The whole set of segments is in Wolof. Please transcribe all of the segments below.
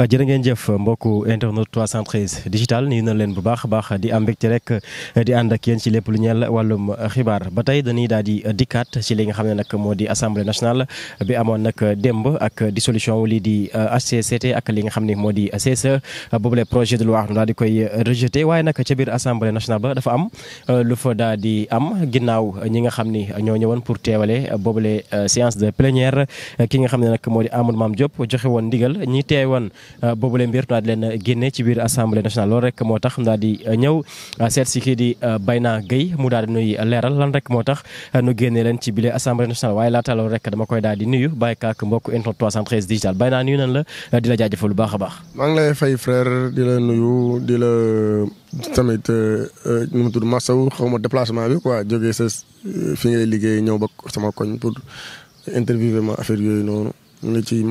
Euh, jërë ngeen jëf mbokku internet 313 digital nuyu na leen bu baax a baax di am mbégte rek di ànd ak yéen ci lépp lu ñeel wàllum xibaar ba tey dañuy daal di dikkaat ci li nga xam ne nag moo di assemblée nationale bi amoon nag démb ak dissolution wu lii di HCCT euh, ak li nga xam ne moo di CESE euh, boobule projet de loi nu daal di koy rejeté waaye nag ca biir assemblée nationale ba dafa am lu fa daal di am ginnaaw ñi nga xam ni ñoo ñëwoon pour teewale boobule séance de plénière ki nga xam ne nag moo di Amadou Mame Diop joxe woon ndigal ñi teewoon Euh, boobu leen mbir daal di leen génne ci biir assemblée nationale loolu rek moo tax daal di euh, ñëw euh, seet si kii di Bayna Gueye mu daal di nuyu leeral lan rek moo tax nu génne leen ci biir assemblée nationale waaye laata loolu rek dama koy daal di nuyu bàyyi kaak mbokk internet 313 digital Bayna nuyu nan la di la jaajëfal lu baax a baax. maa ngi lay fay frère di la nuyu di la tamit nu mu tudd Massaw xaw ma déplacement bi quoi jógee sa fi ngay liggéey ñëw ba sama koñ pour interviewer ma affaire yooyu noonu ñu ngi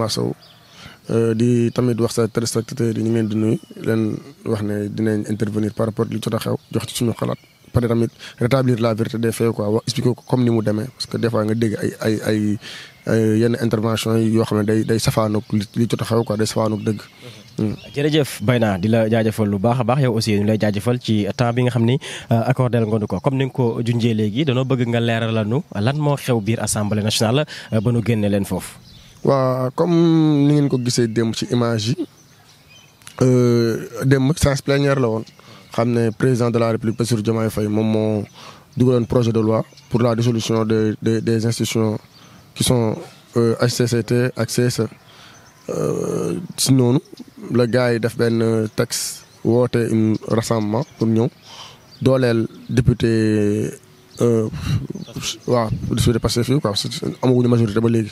Euh, di tamit wax sa téléspectateurs yi ñu ngi leen di nuyu leen wax ne dinañ intervenir par rapport li jot a xew jox ci suñu xalaat pare tamit rétablir la vérité des faits quoi wax expliquer ko comme ni mu demee parce que des nga dégg ay ay ay yenn intervention yi yoo xam ne day day safaanoog li jot a xew quoi day safaanoog dëgg. Mm-hmm. jërëjëf Bayna di la jaajëfal lu baax a baax yow aussi ñu lay jaajëfal ci temps bi nga xam ni euh, accordé nga ko comme ni nga ko junjee léegi danoo bëgg nga leeralal nu lan moo xew biir assemblée nationale euh, ba nu génne leen foofu. waaw comme ni ngeen ko gisee démb ci image yi euh, démb séance plénière la woon xam ne président de la république Bassirou Diomaye Faye moom moo dugaloon projet de loi pour la dissolution de des des institutions qui sont HCCT euh, ak CSE. si euh, noonu la gars yi def benn texte woote un rassemblement pour ñëw dooleel député waaw député Pastef fii quoi amaguñu majorité ba léegi.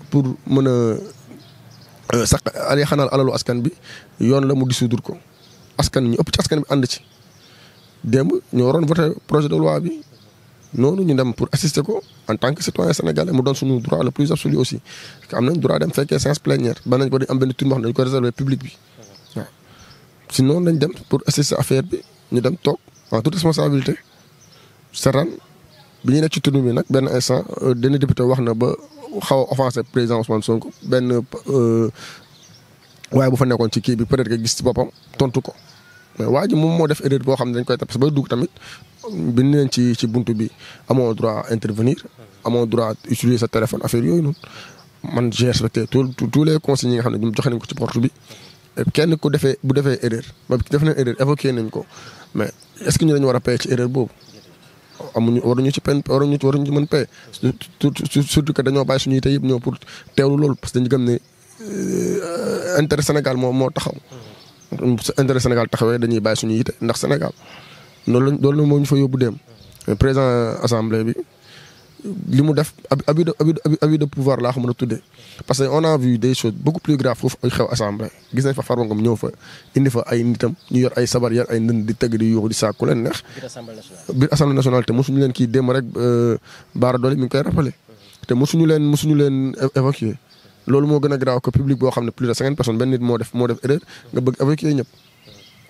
pour mën a euh, sax ali xanaal alalu askan bi yoon la mu dissoudre ko askan ñu ëpp ci askan bi ànd ci démb ñoo waroon voté projet de loi bi noonu ñu dem pour assister ko en tant que citoyen sénégalais mu doon suñu droit le plus absolu aussi am nañ droit dem fekkee séance plénière ba nañ ko di am benn tur boo xam si noonu lañ dem pour assister affaire bi ñu dem toog en toute responsabilité seran bi ñu nekk ci tournée bi nag benn instant dana euh, député wax na ba xaw a offensé président Ousmane Sonko benn euh, waaye bu fa nekkoon ci kii bi peut-être que gis ci boppam tontu ko mais waa ji moom moo def erreur boo xam ne dañ koy tapis ba dugg tamit bind leen ci ci buntu bi amoo droit intervenir amoo droit utiliser sa téléphone affaire yooyu noonu man j'ai respecté tous tous les consignes yi nga xam ne ñoom joxe nañ ko ci porte bi kenn ku defee bu defee erreur ba def nañ erreur évoqué nañ ko mais est-ce ñu dañu war a paye ci boobu. amuñu waruñu ci pen waruñu waruñu ci mën paye surtout que dañoo bàyyi suñuy tey yëpp ñëw pour teewlu loolu parce que dañu gëm ne euh, intérêt Sénégal moo taxaw. intérêt Sénégal taxawee dañuy bàyyi suñuy yite ndax Sénégal loolu la loolu moo ñu fa yóbbu dem président assemblée bi. li mu def abus de abus de pouvoir laa ko mën a tuddee parce que on a vu des choses plus graves foofu ay xew assemblée gis nañ fa Farba Ngom ñëw fa indi fa ay nitam ñu yor ay sabar yor ay ndënd di tëgg di yuuxu di sàkku leen neex. biir assemblée nationale biir assemblée nationale leen kii démb rek euh, Baara Doli mi ngi koy rappelé. te suñu leen mosuñu leen évacuer loolu moo gën a grave que public boo xam ne plus de cinquante personnes benn nit moo def moo def erreur nga bëgg évacuer ñëpp.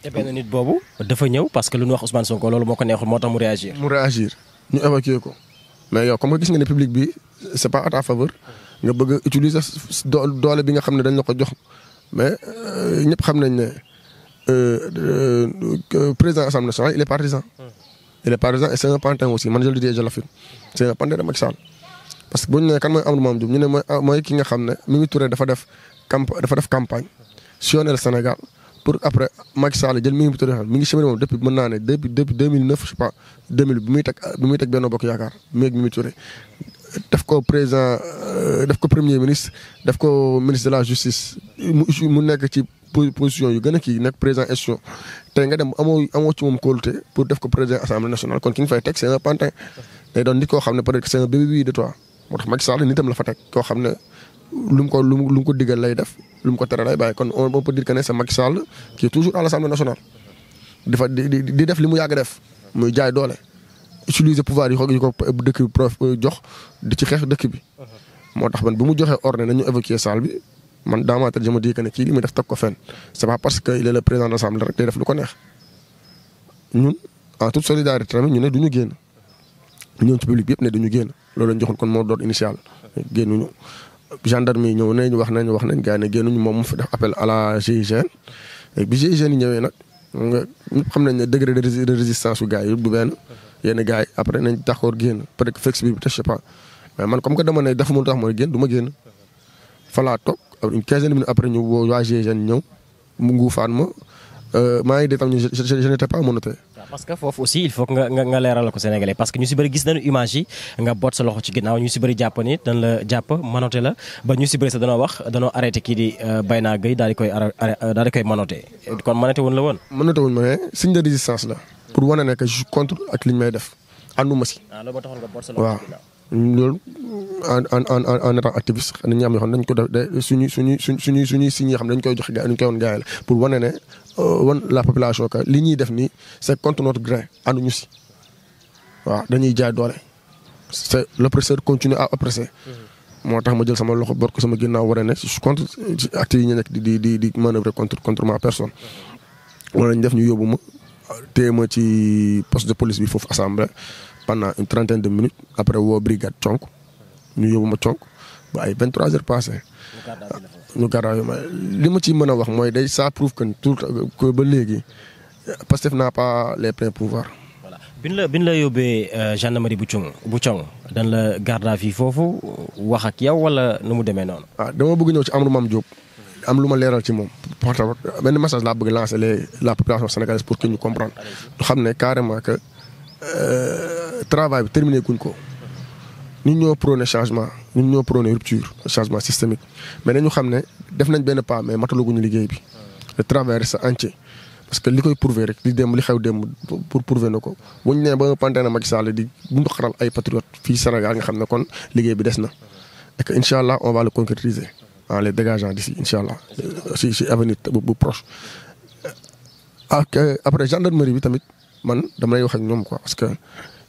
te ñëw parce que lu ñu wax Ousmane Sonko loolu moo ko neexul moo tax mu réagir. mu réagir ñu évacuer ko. mais yow comme nga gis nga ne public bi c'est pas à ta faveur nga bëgg a utiliser doole bi nga xam ne dañ la ko jox mais euh, ñëpp xam nañ ne euh, euh, président assemblée nationale il est partisan. Hmm. il est partisan et c'est un pantin aussi man je le dis et je l'affirme c'est un pantin de Macky Sall parce que bu ñu nee kan mooy Amadou Mame Diouf ñu ne mooy mooy ki nga xam ne Mimi Touré dafa def camp dafa def campagne sillonner le Sénégal. pour après Macky Sall jël mi ngi tudd mi ngi cheminé moom depuis mën naa ne depuis depuis 2009 je sais pas 2000 bi muy teg bi muy teg Benno Bokk Yaakaar meeg def ko président euh, def ko premier ministre def ko ministre de la justice mu nekk ci position yu gën a kii nekk président institution tey nga dem amoo amoo ci moom kóolute pour def ko président assemblée nationale kon ki nga fay teg c'est un pantin day doon nit koo xam ne peut-être que c'est un bébé de toi moo tax Macky Sall la fa teg koo xam ne lu ko lu mu ko digal lay def lu mu ko tere lay bàyyi kon on peut dire que ne c'est Macky Sall toujours à l'Assemblée di fa di di def li mu yàgg def muy jaay doole utiliser pouvoir yi xoog yi ko dëkk bi euh, jox di ci xeex dëkk bi. moo tax man bi mu joxee ordre nañu évacuer salle bi man dans ma tête je me dis que def teg ko fenn c'est pas parce que il est le président de l'Assemblée rek day def lu ko neex ñun en toute solidarité tamit ñu ne du ñu génn ñoom ci public bi yëpp ne du ñu génn loolu lañ joxoon kon moo doon initial gendarme yi ñëw nañ wax nañ wax nañ gars yi ne génnuñu moom mu fi def appel à la GIGN bi GIGN yi ñëwee nag nga xam nañ ne degré de résistance su gars yi du benn yenn gars yi après nañ d'accord génn peut-être fex bi peut-être je man comme que dama ne dafa mënut tax mooy génn du ma génn fa laa toog une quinzaine de minutes après ñu woo waa GIGN ñëw mu nguufaan ma euh, pas menotté parce que foofu aussi il faut que nga nga leeral ko Sénégalais parce que ñu si bëri gis nañu image yi nga boot sa loxo ci ginnaaw ñu si bëri jàpp ni dañ la jàpp manoté la ba ñu si bëri sax danoo wax danoo arrêté kii di euh, Bayna Gueye daal di koy euh, daal di koy manoté kon manoté woon la woon. manoté wuñ ma ne signe de résistance la. pour wane ne que contre ak li may def ànduma si. Ah, waaw loolu en en en en étant activiste xanaa ñi nga xam ne dañ ko def suñu suñu suñ suñuy suñuy signes yi xam dañ koy jox dañ woon gars yi la pour wane ne euh, wan la population que li ñuy def nii c'est contre notre grain ànduñu si waaw dañuy jaay doole c'est l'oppresseur continue à oppresser. Mm-hmm. moo tax ma jël sama loxo bor sama ginnaaw waree ne je suis contre actes ñu nekk di di di manœuvrer contre contre ma personne. wala ñu def ñu yóbbu ma téye ma ci poste de police bi foofu assemblée. pendant une trentaine de minutes après woo brigade conk ñu yóbbu ma conk ba ay vingt trois heures passées. ñu gàddaa li ma ci mën a wax mooy day ça prouve que tout que ba léegi Pastef n'a pas les pleins pouvoirs. bi ñu la bi ñu la yóbbee euh, gendarmerie bu cong bu cong dañ la garde à vue foofu wax ak yow wala nu mu demee noonu. ah dama bëgg ñëw ci Amadou Mame Diop. am lu ma leeral ci moom porte benn message laa bëgg lancer les la population pour que ñu comprendre ñu xam ne carrément que. Euh, travail bi terminé guñ ko ñun ñoo prôné changement ñun ñoo prôné rupture changement systémique mais dañu xam ne def nañ benn pas mais matalaguñu liggéey bi. le travail reste entier parce que li koy prouver rek li dem li xew dem pour prouver na ko nee ba panteena Macky Sall di ndoxaral ay patriotes fii Sénégal nga xam ne kon liggéey bi des na et que incha allah on va les dégageant d'ici incha allah euh, si si avenir bu proche. Euh, ak euh, après gendarmerie bi tamit man damay lay wax ak ñoom quoi parce que.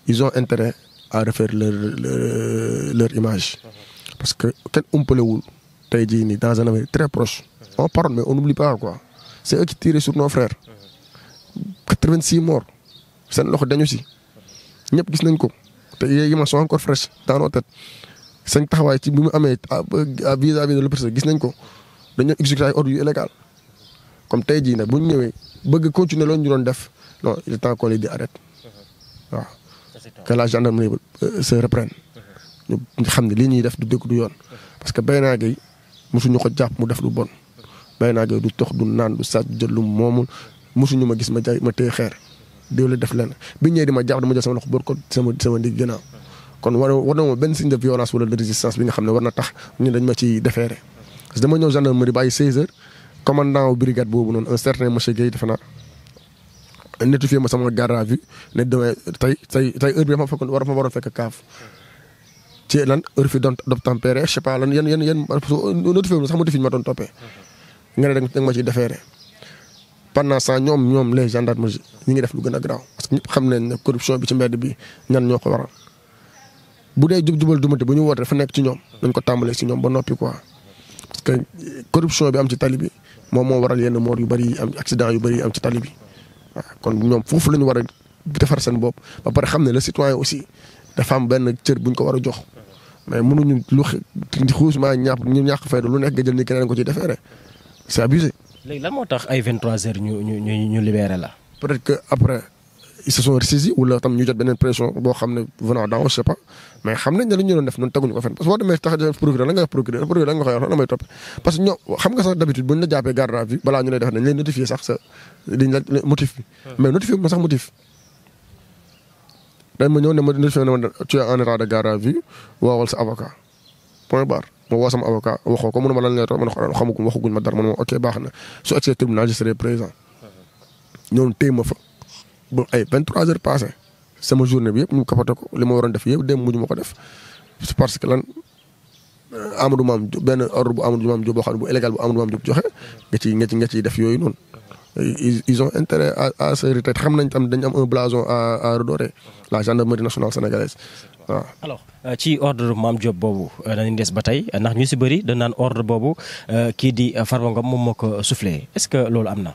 ils ont intérêt à refaire leur leur, euh, leur image. parce que kenn umpalewul tey jii nii dans un avenir très proche. on pardonne mais on n'oublie pas quoi. c'est eux qui tirent sur nos frères. 86 morts seen loxo dañu si ñëpp gis nañ ko te yéegi ma sont encore fraîches dans nos taxawaay ci bi mu amee à vis-à-vis de l'opposition gis nañ ko dañoo exécuté ay ordre yu illégal comme tey jii nag bu ñu ñëwee bëgg continuer loolu ñu doon def non il est temps qu'on les dit que la gendarmerie euh, se reprenne. Mhm. ñu xam ne lii ñuy def du dëgg du yoon. Mhm. parce que Bayna Gueye mosuñu ko jàpp mu def lu bon. Bayna Gueye du tox du naan du sàcc jël lu moomul mosuñu ma gis ma jaay ma xeer. déwle def lenn bi ñëwee di ma jàpp dama jël sama loxo bor ko sama sama ndig ginnaaw. kon war war ma benn signe de résistance bi nga xam ne war na tax ñu dañ ma ci defeere parce que dama ñëw gendarmerie ba ay 16 heures commandant brigade boobu noonu un certain monsieur Guèye defe naa. notifié ma sama garde à vue a demain tey tey tey heure bi dafa fekkoon war a fekk kaaf. ci lan heure fi doon d'obtempérer je lan yan yan yan notifié ma sax notifié ma doon nga da ma ciy defeere pendant ça ñoom ñoom les gendarmes ñi ngi def lu gën a garaaw parce que ñëpp xam nañ ne corruption bi ci mbedd bi ñan ñoo ko waral. bu bi am ci tali bi moom moo yenn moor yu bëri am accident yu bëri am ci tali bi. waaw kon ñoom foofu la ñu war a defar seen bopp ba pare xam ne le citoyen aussi dafa am benn cër bu ñu ko war a jox. mais mënuñu lu xuusement ñàpp ñu ñàkk fayda lu nekk nga jël ni keneen ko ci defee rek c'est abusé. léegi lan moo tax ay 23h ñu ñu ñu ñu libéré la. peut que après ils se sont ressaisis wala tam ñu jot beneen pression boo xam ne venant d'en haut je mais xam nañ ne lu ñu doon def noonu teguñu ko fenn parce que boo demee tax procureur la nga wax procureur procureur la nga koy wax la may topp parce que ñoom xam nga sax d'habitude buñ la jàppee garde à vue balaa ñu lay def dañ lay notifier sax sa diñ la motif bi hmm. mais notifier ma sax motif dañ ma ñëw ne ma notifier ne ma tu es en état de garde à vue woowal sa avocat point barre ma woo sama avocat waxoo ko mënu ma lan lay topp ma ne ko xamaguñ waxaguñ ma dara ma ne ma ok baax na su egsee tribunal je serai présent hmm. ñoom téy ma fa ba ay 23 heures passées sama journée bi yëpp ñu kapate ko li ma waroon def yëpp dem mujj ma ko def parce que lan Amadou Mame Diop benn ordre bu Amadou Mame Diop boo xam ne bu illégal bu Amadou Mame Diop joxe nga ci nga ci def yooyu noonu ils ont intérêt à à xam nañ tam dañ am un blason à à redorer la gendarmerie nationale sénégalaise alors euh, ci ordre Mame Diop boobu euh, dañuy des ba tey ndax ñu si bëri dañ naan ordre boobu euh, kii di Farba Ngom moom moo ko soufflé est-ce que loolu am na.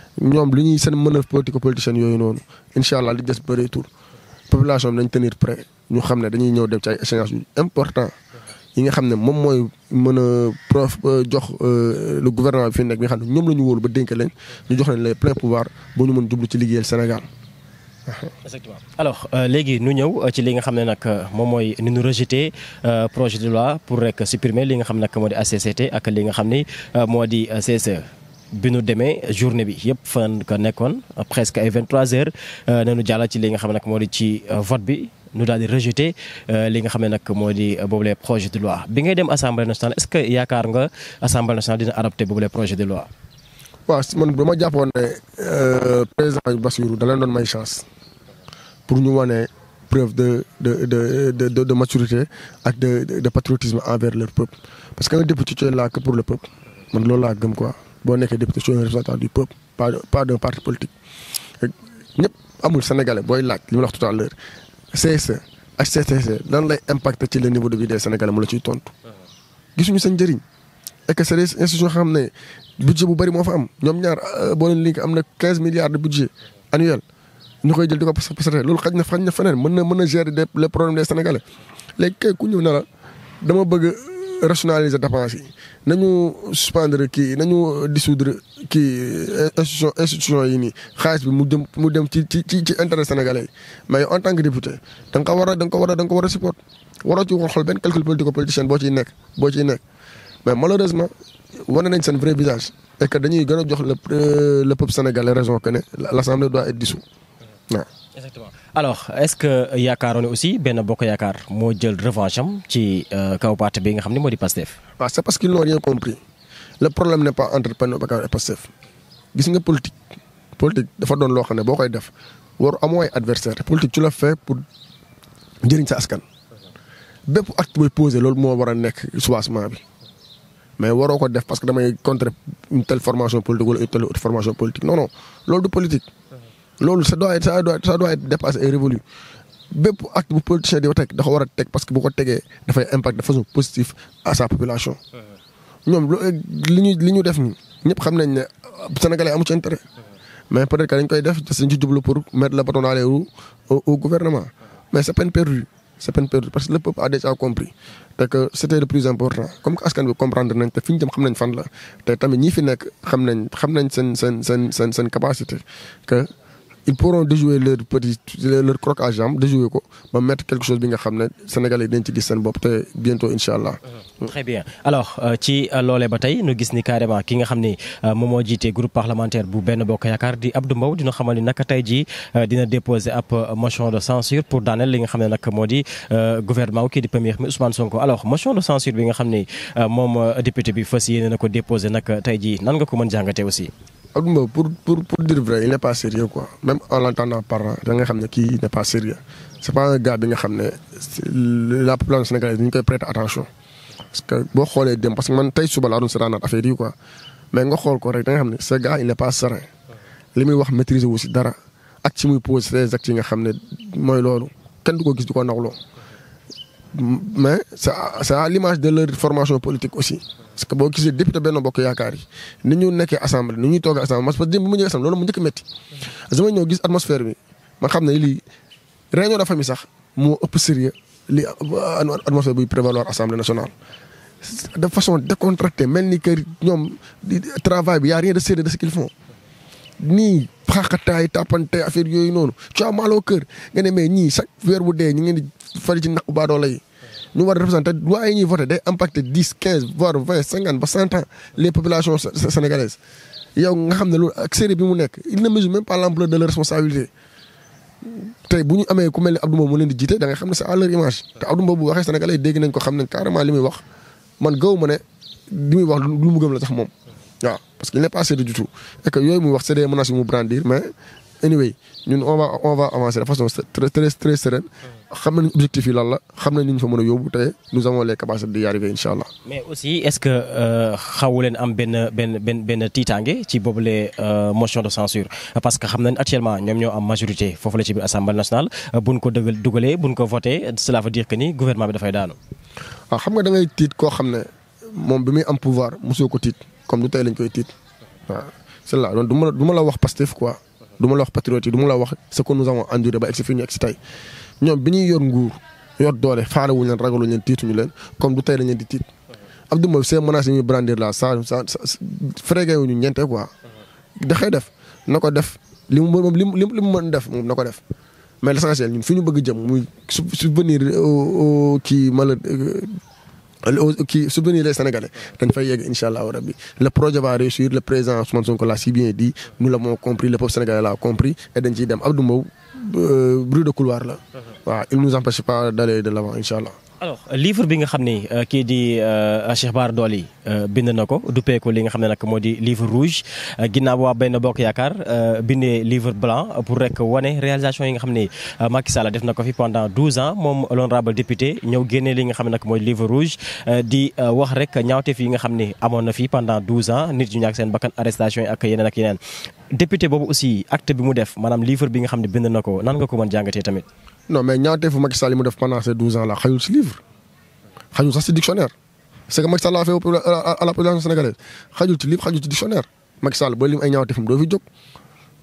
ñoom li ñuy seen manœuvre politique politicienne yooyu noonu incha allah li des bëreetul population bi nañ tenir prêt ñu xam ne dañuy ñëw dem ci ay échéances yu important yi nga xam ne moom mooy mën a prof euh, jox euh, le gouvernement bi fi nekk bi nga xam ne ñoom la ñu wóolu ba dénk leen ñu jox leen les plein pouvoir ba ñu mën jublu ci liggéeyal Sénégal. exactement alors euh, léegi nu ñëw ci li nga xam ne nag moom mooy ni ñu rejeté projet de loi pour rek supprimer li nga xam ne nag moo di HCCT ak li nga xam ni moo di CSE. bi nu demee journée bi yëpp fan ko nekkoon presque ay 23 heures euh, nañu jàll ci li nga xam ne nag moo di ci euh, vote bi nu daal di rejeté euh, li nga xam ne nag moo di boobule projet de loi bi ngay dem assemblée nationale est-ce que yaakaar nga assemblée nationale dina adopté boobule projet de loi. waaw man bu ma jàppoon ne président Bassirou da leen doon may chance pour ñu wane preuve de de de de de maturité ak de de patriotisme envers leur peuple parce que un député pour le peuple man loolu laa gëm quoi. boo nekk député je suis un représentant du peuple pas pas d'un parti politique. ñëpp amul sénégalais booy laaj li ma la wax tout à l'heure CSE HCCT lan lay impacter ci le niveau de vie des sénégalais mu la ci tontu. gisuñu seen njëriñ et que c'est des xam ne budget bu bari moo fa am ñoom ñaar euh, boo leen link am na 15 milliards de budget annuel ñu koy jël di ko passer loolu xaj na xaj na feneen mën na mën a gérer les problèmes des sénégalais léegi kay ku ñëw na la dama bëgg. rationaliser dépense yi ñu suspendre kii nañu dissoudre kii eh, institution institution yi nii xaalis bi mu dem mu dem ci ci ci intérêt sénégalais mais en tan que député da nga ko war a da ko war a da ko war a support waroo ci xool benn calcul politico politicien boo ciy nekk boo ciy nekk mais malheureusement wane nañ seen vrai visage et que dañuy gën jox le euh, le peuple sénégalais raison que ne l'assemblée doit être dissoute alors est-ce que yaakaaroon aussi benn bokk yaakaar moo jël revanche am ci euh, kaw parti bi nga xam ne moo di Pastef. waaw c'est parce qu'ils n'ont rien compris le problème n'est pas entre Benno gis nga politique politique dafa doon loo xam ne boo koy def war amoo ay adversaire politique tu la fais pour jëriñ sa askan. bépp acte booy posé loolu moo war a nekk soubassement bi mais waroo ko def parce que damay contre une telle formation politique wala une telle autre loolu ça doit être ça doit ça doit être dépassé et révolu bépp acte bu politicien di ko dafa war a teg parce que bu ko tegee dafay impact de façon positive à sa population. ñoom li ñu li ñu def nii ñëpp xam nañ ne sénégalais amu ci intérêt. mais peut être def parce que ñu ci jublu pour mettre le bâton dans les roues au parce que le peuple a déjà compris te que c'était le plus important comme que askan bi comprendre nañ te fi ñu jëm te tamit ñi fi nekk xam nañ xam nañ seen seen seen seen seen capacité il pour déjouer leur petit leur croc à jambe déjouer ko ba mettre quelque chose bi nga xam ne sénégalais dañ ci gis seen bopp te bientôt incha allah. Mm-hmm. très bien alors euh, ci euh, loolee ba tey nu gis ni carrément ki nga xam ne euh, moom moo jiite groupe parlementaire bu benn bokk yaakaar di Abdou Mbow dina xamal ni naka tey jii dina déposer ab motion de censure pour daaneel li nga xam ne nag moo di gouvernement kii di premier mi Ousmane Sonko alors nga xam ne moom député bi fas yéene na ko déposé nag tey jii nan nga ko mën jàngatee aussi. ak Mbow pour pour pour dire vrai il n'est pas sérieux quoi même en l'entendant parler da xam ne kii n'est pas sérieux pas un gars xam ne la population sénégalaise ñu koy prêter attention. parce que boo xoolee dem parce que man tey suba laa doon seetaanaat affaire yi quoi mais nga xool ko rek da nga xam ne ce gars il n'est wax maîtriser wu si dara ak ci muy posé ses actes yi nga xam ne mooy loolu kenn du ko gis du ko nawloo mais sa à l'image de leur formation politique aussi. parce que boo gisee député benn bokk yaakaar yi ni ñu nekkee assemblée ni ñuy toogee assemblée parce que démb bu ma ñëwee assemblée loolu mu njëkk metti dama ñëw gis atmosphère bi ma xam ne lii réunion de famille sax moo ëpp sérieux li atmosphère buy prévaloir assemblée nationale de façon décontractée mel ni que ñoom travail bi y a rien de sérieux de ce qu'ils font nii xaaxataay tàppante affaire yooyu noonu tu as mal au cœur nga ne mais ñii chaque weer bu dee ñu ngi fari ci naq baadoo lay ñu war a représenté loi yi ñuy voté day dix quinze voire vingt cinquante ba cent ans les populations sénégalaises yow nga xam ne loolu ak série bi mu nekk il ne mesure même pas de leur responsabilité tey bu ñu amee ku mel ne Abdou Mbow mu leen di jiite da nga xam ne c'est à leur image te Abdou Mbow bu waxee sénégalais dégg nañ ko xam ne carrément li muy wax man gaw ma ne li muy wax lu mu gëm la sax moom parce que yooyu muy wax c'est des menaces yu mu xam nañ objectif yi lan la xam nañ ni ñu fa mën a yóbbu te nous avons les capacités d'y arriver incha allah. mais aussi est-ce que euh, xawu leen am benn tiitaange ci boobule euh, motion de censure parce que xam nañ actuellement ñoom ñoo am majorité foofu la ci biir assemblée nationale buñ ko dëggal dugalee buñ ko voté cela veut dire que ni gouvernement bi dafay daanu. Ah, xam nga da tiit koo xam ne moom bi muy am pouvoir mosoo ko tiit comme du tey lañ ma la du ma du ma la wax patriote yi du ma la wax ce que nous avons ba egsi fii ñu egsi tey ñoom yor nguur yor doole faalewuñu leen ragaluñu leen tiituñu leen comme du tey lañ leen tiit Abdou Mbow seen menaces yi ñuy la sa sa frégé wuñu ñeente quoi. daxee def na ko def li mu moom li li mu mën def moom na ko def mais l'essentiel ñun fi ñu bëgg jëm kii euh, qui soutenir les Sénégalais. Dañ fay yegg inchallah rabbi. Le projet va réussir, le président Ousmane Sonko l'a si bien dit, nous l'avons compris, le peuple sénégalais l'a compris et dañ ciy dem Abdou Mbow euh, bruit de couloir là. Uh-huh. Waaw, il nous empêche pas d'aller de l'avant inchallah. alors livre bi nga xam ni euh, kii di euh, Cheikh Bara Dolly euh, bind na ko duppeeku li nga xam ne nag moo di livre rouge ginnaaw waa benn bokk yaakaar bindee livre blanc pour rek wane réalisation yi nga xam ne Macky Sall def na ko fi pendant 12 ans moom l'honorable député ñëw génnee li nga xam ne nag mooy livre rouge di wax rek ñaawteef yi nga xam ni amoon na fi pendant 12 ans nit ñu ñàkk seen bakkan arestation yi ak yeneen ak yeneen député boobu aussi def maanaam livre bi nga xam ne bind na ko nan nga ko mën jàngatee tamit. non mais ñaawteefu Macky Sall yi mu def pendant ces douze ans là xajul si livre xajul sax si dictionnaire c'est que Macky Sall a fait à la population sénégalaise xajul ci livre xajul ci dictionnaire Macky Sall ba lim ay ñaawteefam doo fi jóg.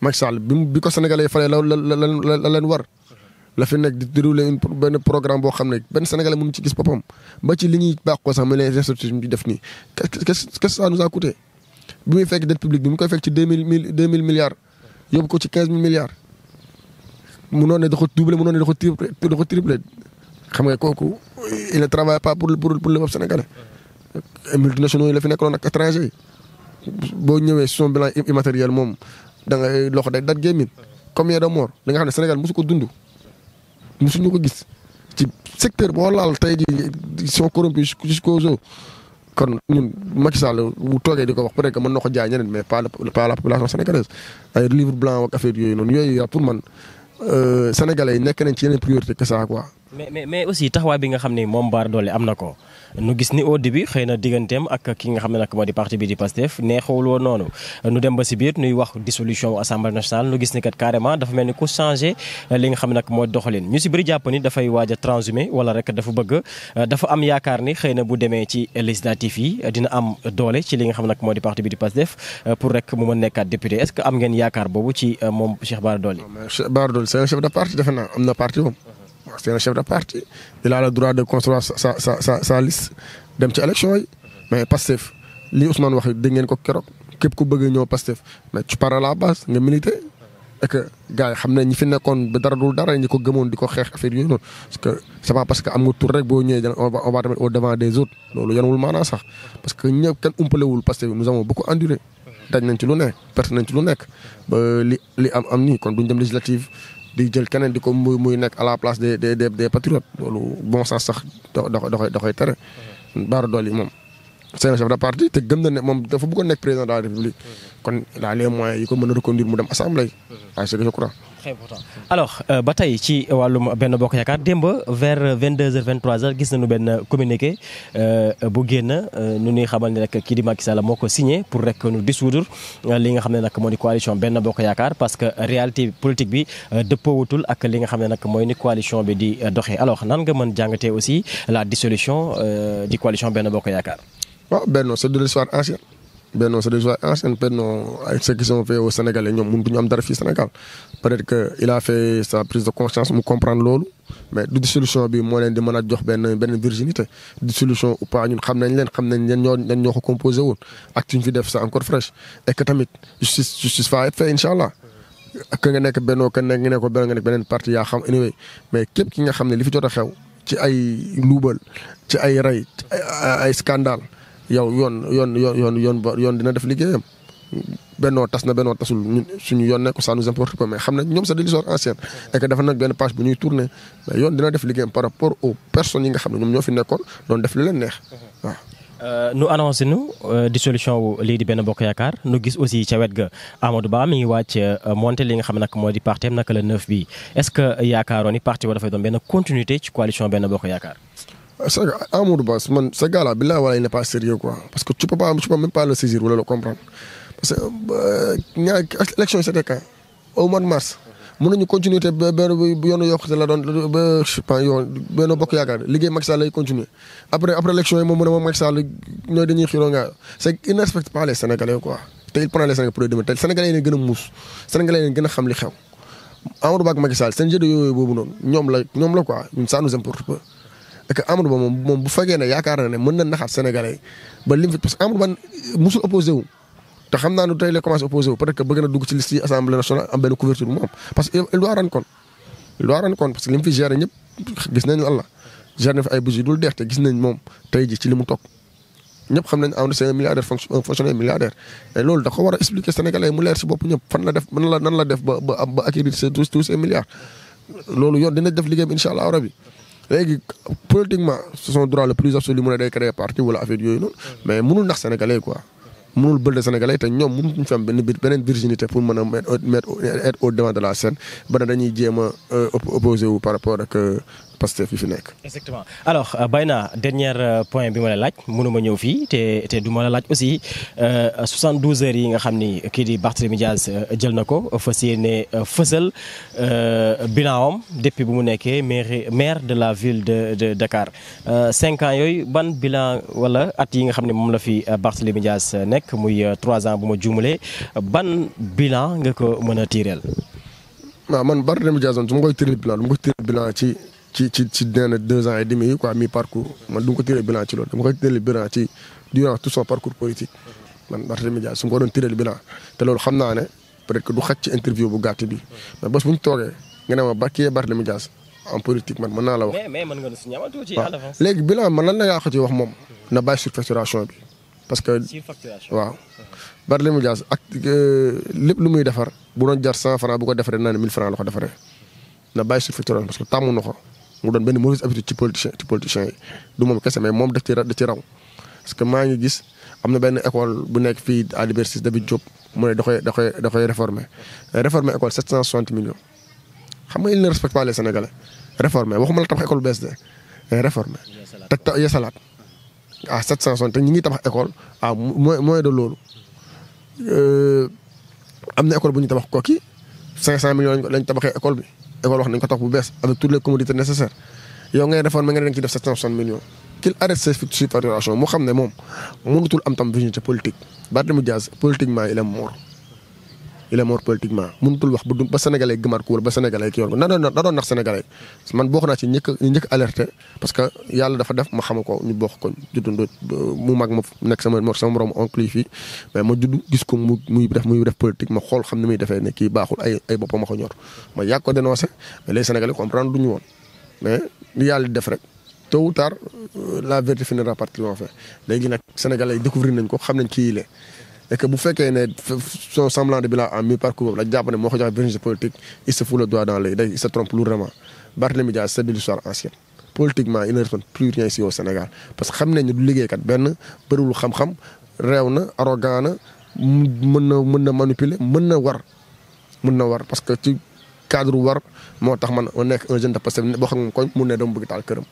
Macky Sall bi bi ko sénégalais yi falee la la la la leen war la nekk di déroulé une benn programme boo xam ne benn sénégalais mënu ci gis boppam ba ci li ñuy ko sax mu les institutions di def nii qu'est-ce que ça nous a bi muy fekk dette publique bi mu ko ci quinze mille mënoon ne da ko doublé mënoon ne da ko triplé da ko triplé xam nga kooku il ne travaille pas pour pour pour le peuple sénégalais. multinationaux yi la fi nekkaloon ak étranger yi boo ñëwee son bilan immatériel moom da ngay loxo day dat gémmin combien de morts li nga xam ne Sénégal mosu ko dund mosuñu ko gis ci secteur boo laal tey jii sont corrompus jusqu'aux os kon ñun Macky Sall bu toogee di ko wax peut na ko jaay ñeneen mais pas la pas la population sénégalaise ay livre blanc ak affaire yooyu noonu yooyu pour man. Euh, sénégalais yi nekk nañ ci yeneen priorité que ça mais mais mais aussi taxawaay bi nga xam ni moom Bara Dolly am na ko nu gis ni au début xëy na digganteem ak ki nga xam ne nag moo di parti bi di Pastef neexul woon noonu nu dem ba si biir nuy wax dissolution wu assemblée nationale nu gis ni kat carrément dafa mel ni ku changé euh, li nga xam ne nag moo doxalin ñu si bëri jàpp ni dafay waaj a transhumé wala rek dafa bëgg euh, dafa am yaakaar ni xëy na bu demee ci législatif yi euh, dina am doole ci li nga xam ne nag moo di parti bi di Pastef pour rek mu mën nekkaat député est am na parti c'est un chef de parti il a le droit de construire sa sa dem ci élection yi mais Pastef li Ousmane wax dégg ko keroog képp ku bëgg ñëw Pastef mais tu pars la base nga milité et que xam ne ñi fi nekkoon ba dara dul dara ñi ko gëmoon di ko xeex affaire yooyu noonu parce que am nga tur rek boo ñëwee on va on devant des autres loolu yanwul maanaa sax parce que kenn umpalewul Pastef nous avons beaucoup enduré daj nañ ci lu ci lu nekk ba di jël keneen di ko muy muy nekk à la place des des des patriotes loolu bon sens sax da da koy da koy tere. baara dool yi moom. seen chef de parti te gëm na ne moom dafa bëggoon nekk président de la république. Mm-hmm. kon il a les yi ko mën a reconduire mu dem assemblée. waaye mm-hmm. ah, c'est je crois. très important. alors euh, ba tey ci wàllum benn bokk yaakaar démb vers 22h 23h gis nañu benn communiqué euh, bu génn euh, nu ñuy xamal ne rek kii di Macky Sall moo ko signé pour rek nu dissoudre li nga xam ne nag moo di coalition benn bokk yaakaar parce que réalité politique bi dëppoowatul ak li nga xam ne nag mooy ni coalition bi di doxe alors nan nga mën jàngatee aussi la dissolution di coalition benn bokk yaakaar. benn c'est des joies anciennes Benno avec ce qu'ils ont fait au Sénégalais ñoom mënutuñu am dara fii Sénégal peut-être que il a fait sa prise de conscience mu comprendre loolu mais du dissolution bi moo leen di mën a jox benn benn virginité dissolution ou pas xam nañ leen xam nañ leen ñoo leen ñoo ko composé woon ak ci ñu fi def c'est encore fraîche et tamit justice justice va être faite allah que nga nekk Benno que nga nekk benn nga nekk beneen parti yaa xam anyway mais képp ki nga xam ne li fi jot a xew ci ay luubal ci ay rey ay scandale yow yoon yoon yoon yoon yoon dina def liggéeyam bennoo tas na bennoo tasul suñu yoon nekk ça nous importe pas mais xam nañ ñoom sax de l'histoire ancienne et que dafa nag benn page bu ñuy tourner mais yoon dina def liggéeyam par rapport aux personnes yi nga xam ne ñoom ñoo fi nekkoon doon def lu leen neex waaw. nu annoncé nu dissolution wu lii di benn bokk yaakaar nu gis aussi ca wet ga Amadou Ba mi ngi wàcc euh, monté li nga xam nag moo di parti am naka la neuf bi est-ce bokk yaakaar. sa Amadou Ba man sa wala il n'est pas sérieux quoi parce que tu peux pas tu peux même pas le saisir wala le comprendre parce que euh, ñaar élection yi c'était quand au mois de mars. mën nañu continuer te ba benn bu yoonu yokkute la doon ba je sais après après élection yi moom mu ne ma Macky Sall ñooy dañuy xiroo nga c'est il ne respecte te il prend les Sénégalais pour les démettre te Sénégalais yi leen gën a muus a li xew Amadou Ba ak Macky Sall seen jënd yooyu boobu la ñoom la quoi ñun ça nous importe peu et que Amadou Ba moom moom bu fekkee ne yaakaar na ne mën na naxaat sénégalais yi ba lim fi parce que Amadou Ba musul opposé wu. te xam naa ne tey lay commencé opposé wu peut être que bëgg na dugg ci liste yi assemblée nationale am couverture bu parce que il doit rendre compte il doit parce que li fi géré ñëpp gis nañ lan la fi ay budget dul deex te gis nañ moom tey ji ci li mu toog ñëpp xam nañ Amadou c'est un milliardaire fonctionnaire milliardaire et loolu da ko war a expliquer sénégalais mu leer si bopp ñëpp fan la def nan léegi politiquement c'est son droit le plus absolu mu ne day créer parti wala affaire yooyu noonu mais mënul nax sénégalais quoi mënul bëlde sénégalais te ñoom mënuñu fi am benn beneen virginité pour mën a mettre être au devant de la scène ba ne dañuy jéem a euh, opposé wu par rapport ak euh, Pastef bi fi nekk. exactement alors euh, Bayna dernier euh, point bi ma la laaj mënuma ñëw fii te te du ma la laaj aussi 72 euh, heures yi nga xam ni kii di Barthélémy Diaz jël na ko fas yéene fësal bilanam depuis bi mu nekkee maire maire de la ville de de Dakar cinq ans yooyu ban bilan wala at yi nga xam ne moom la fi Barthélémy Diaz nekk muy trois ans bu ma juumalee ban bilan nga ko mën a tiireel. waaw man Barthélémy Diaz su ma koy tiireel bilan du ma tiireel bilan ci. ci ci ci dina deux ans et demi quoi mi parcours ma ko tiré bilan ci loolu dama tout son parcours politique man Barthélémy Dias su ma ko doon tiré bilan te loolu xam naa ne peut-être que du xaj ci interview bu gàtt bi mais bés bu en politique man la wax. mais mais mën nga si ñamatu ci à l'avance. léegi bilan man lan surfacturation bi. parce que surfacturation waaw. Barthélémy Dias ak euh, lépp lu muy defar bu doon jar cent franc bu ko defaree naa ne mille la ko defaree na bàyyi surfacturation ko. mu doon benn mauvaise habitude ci politicien ci politicien yi du moom kese mais moom da ci raw parce que maa ngi gis am na benn école bu nekk fii à Liberté David Diop mu ne da koy da koy da koy réformer réformer école 760 millions xam nga il ne respecte pas les Sénégalais réformer waxuma la tabax école bees de réformer te ta yesalaat à 760 te ñi ngi tabax école à moins moins de loolu euh, am na école bu ñu tabax kooki million millions lañ tabaxee école bi école wax nañ ko tax bu bees avec toutes les commodités nécessaires yow ngay defoon ma nga dañ ciy def 760 millions. qu'il arrête ses subterfuges mu xam ne moom mënutul am tam visibilité politique Barthélémy Dias politiquement il est mort. il est mort politiquement mënutul wax ba ba sénégalais gëmaat ko wala ba sénégalais ki yoon ko na doon na doon nax sénégalais man bokk naa ci ñëkk ñëkk parce que yàlla dafa def ma xam ko ñu bokk ko juddundoo mu mag ma nekk sama sama morom oncle yi fii mais ma judd gis ko mu muy def muy def politique ma xool xam ne muy defee ne kii baaxul ay ay boppam ma ko ñor ma yàgg ko dénoncé mais les sénégalais comprendre duñu woon mais li yàlla def rek tôt ou tard euh, la vérité finira par triompher léegi nag sénégalais yi découvrir nañ ko xam nañ kii et bu fekkee ne son semblant de bilan en mi parcours boobu dañ jàpp ne moo ko a virginité politique il se fout le dans les day il se trompe lourdement Barthélémy Dias c'est de l'histoire ancienne politiquement il ne répond plus rien au Sénégal parce que xam nañ ne du liggéeykat benn bëriwul xam-xam réew na arrogant na mën na mën na manipuler mën na war mën na war parce que ci cadre war moo tax man nekk un jeune de Pastef boo xam ne koñ mun ne dama bëgg taal këram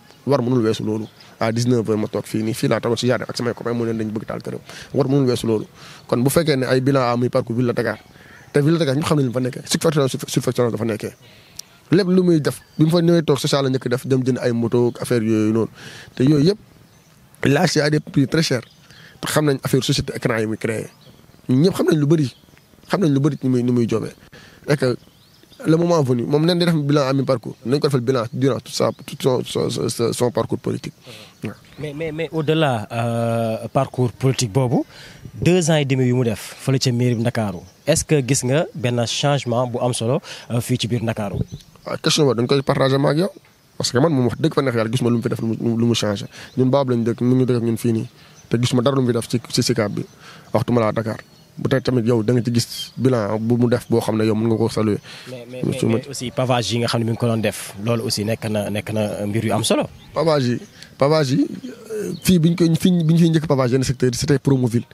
weesu loolu à 19h ma toog fii nii fii laa taxaw si jardin ak samay copains mu ne dañ bëgg taal këram war mënul weesu loolu kon bu fekkee ne ay bilan à muy parcours ville de Dakar te ville mu fa nekkee surfacturation surfacturation dafa nekkee def la njëkk def dem jënd ay moto affaire yooyu noonu te yooyu yëpp lâché à des prix très xam nañ affaire société écran yi muy créé ñun xam nañ lu bëri xam nañ lu bëri ñu muy ñu muy joobee le moment venu moom nañ def bilan à mi-parcours nañ ko defal bilan durant tout ça tout son parcours politique. mais mais mais au-delà euh, parcours politique boobu deux ans et demi yu mu def fële ci mairie bi Ndakaaru est-ce que gis nga benn changement bu am solo euh, fii ci biir Ndakaaru. waaw ah, question parce que man moom wax dëgg fa neex yàlla gis ma lu mu fi def lu mu changé ñun baab lañ dëkk ñu ñun fii nii te gis ma dara lu mu fi def ci ci SICAP bi waxtu ma laa Dakar. bu tey tamit yow da nga ci gis bilan bu mu def boo xam ne yow mën nga koo saluer. mais aussi pavage yi nga xam ne mi ngi ko doon def loolu aussi nekk na nekk na mbir yu am solo. pavage yi pavage yi euh, fii bi ñu koy fi ñu fiy njëkk pavage yenn secteur yi c'était Promoville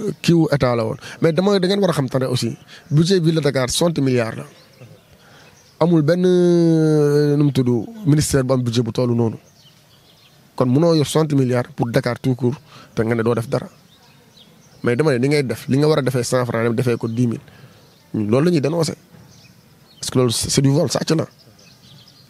euh, kii wu état la woon mais dama da ngeen war a xam tane aussi budget ville de Dakar soixante milliards la amul benn euh, nu mu tudd ministère bu am budget bu toll noonu kon munoo yor soixante milliards pour Dakar tout court te nga ne doo def dara. mais dama ne li ngay def li nga war a defee cent franc dem defee ko dix mille loolu la ñuy dénoncé parce que loolu c'est du vol sàcc na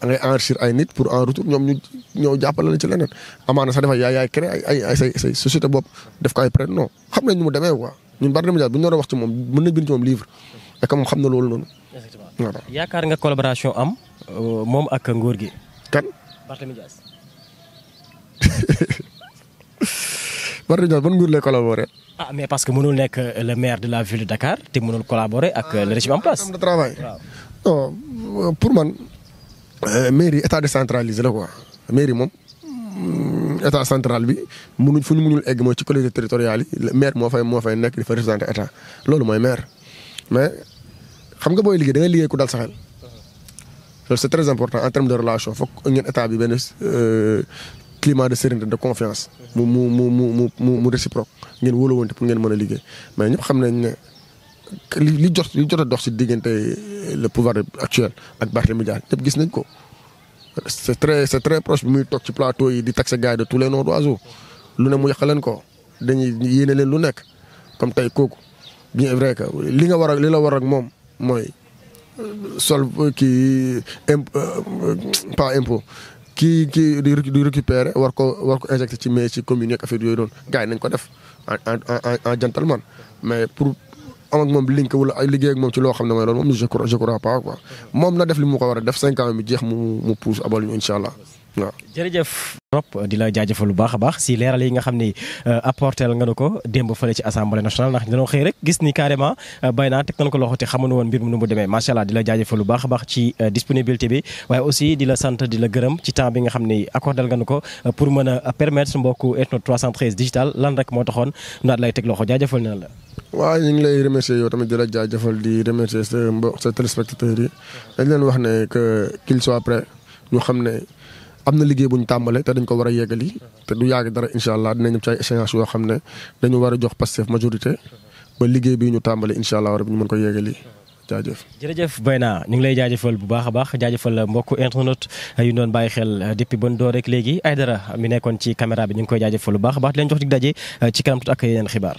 da ngay enrichir ay nit pour en retour ñoom ñu ñëw jàppale la ci leneen amaana sax dafa yaay yaay créé ay ay say say société bopp def ko ay prêt non xam nañ ñu mu demee quoi ñun bari na mu jaar bu ñu doon wax ci moom mën nañ bind ci moom livre fekk moom xam na loolu noonu. effectivement yaakaar nga collaboration am euh, moom ak nguur gi. kan Barthélémy Dias Barthélémy Dias ban nguur lay collaborer. ah mais parce que mënul nekk euh, le maire de la ville de Dakar te mënul collaborer ak euh, le régime en place. Ah, de travail non pour man euh, mairie état décentralisé la quoi mairie moom mm, état central bi mënuñ fu ñu mënul egg mooy ci collectivités territoriales yi maire moo fay moo fay nekk di fa représenté état loolu mooy maire mais xam nga booy liggéey da ngay liggéey ku dal sa xel. Uh-huh. loolu c'est très important en termes de relation foog ngeen état bi benn. climat de sérénité de confiance. mu mu mu mu mu mu réciproque ngeen wóolawante pour ngeen mën a liggéey mais ñëpp xam nañ ne li li jot li jot a dox diggante le pouvoir actuel ak Barthélémy Dias ñëpp gis nañ ko. c'est très c'est très proche bi muy toog ci plateau yi di taxé gars yi de tous les noms d'oiseaux lu ne mu yàq ko dañuy yéene leen lu nekk comme tey kooku bien vrai que li nga war a li la war moom mooy euh, sol euh, kii imp euh, pas kii kii di di récupérer war ko war ko injecté ci mais ci commune yeeg affaire yooyu noonu gars ko def en gentleman mais pour am ak moom liggéey ak moom ci loo xam ne mooy loolu moom je crois je crois moom na def li mu ko war a def cinq mi jeex mu mu pousse abal ñu incha waaw jërëjëf trop di la jaajëfal lu baax a baax si leeral yi nga xam ni euh, apporteel nga nu ko démb fële ci assemblée nationale ndax dañoo xëy rek gis ni carrément euh, bay naa teg nañ ko loxo te xamuñu woon mbir mu nu mu demee macha allah di la jaajëfal lu baax a baax ci euh, disponibilité bi waaye aussi di la sant di la gërëm ci temps bi nga xam ni accordel nga nu ko pour mën a permettre mbokku Ethno 313 digital lan rek moo taxoon naat lay teg loxo jaajëfal na la. waaw ñu ngi am na liggéey bu ñu tàmbale te dañ ko war a yeggali te du yàgg dara incha allah dinañ ci ay échéances yoo xam ne dañu war a jox Pastef majorité ba liggéey bi ñu tàmbale incha allah war ñu mën ko yeggali jaajëf Bayna ñu ngi lay jaajëfal bu baax a baax jaajëfal mbokku internet yu doon bàyyi xel depuis ban door rek léegi ay dara mi nekkoon ci caméra bi ñu ngi koy jaajëfal bu baax a baax di leen jox dig daje ci kanam tuuti ak yeneen xibaar.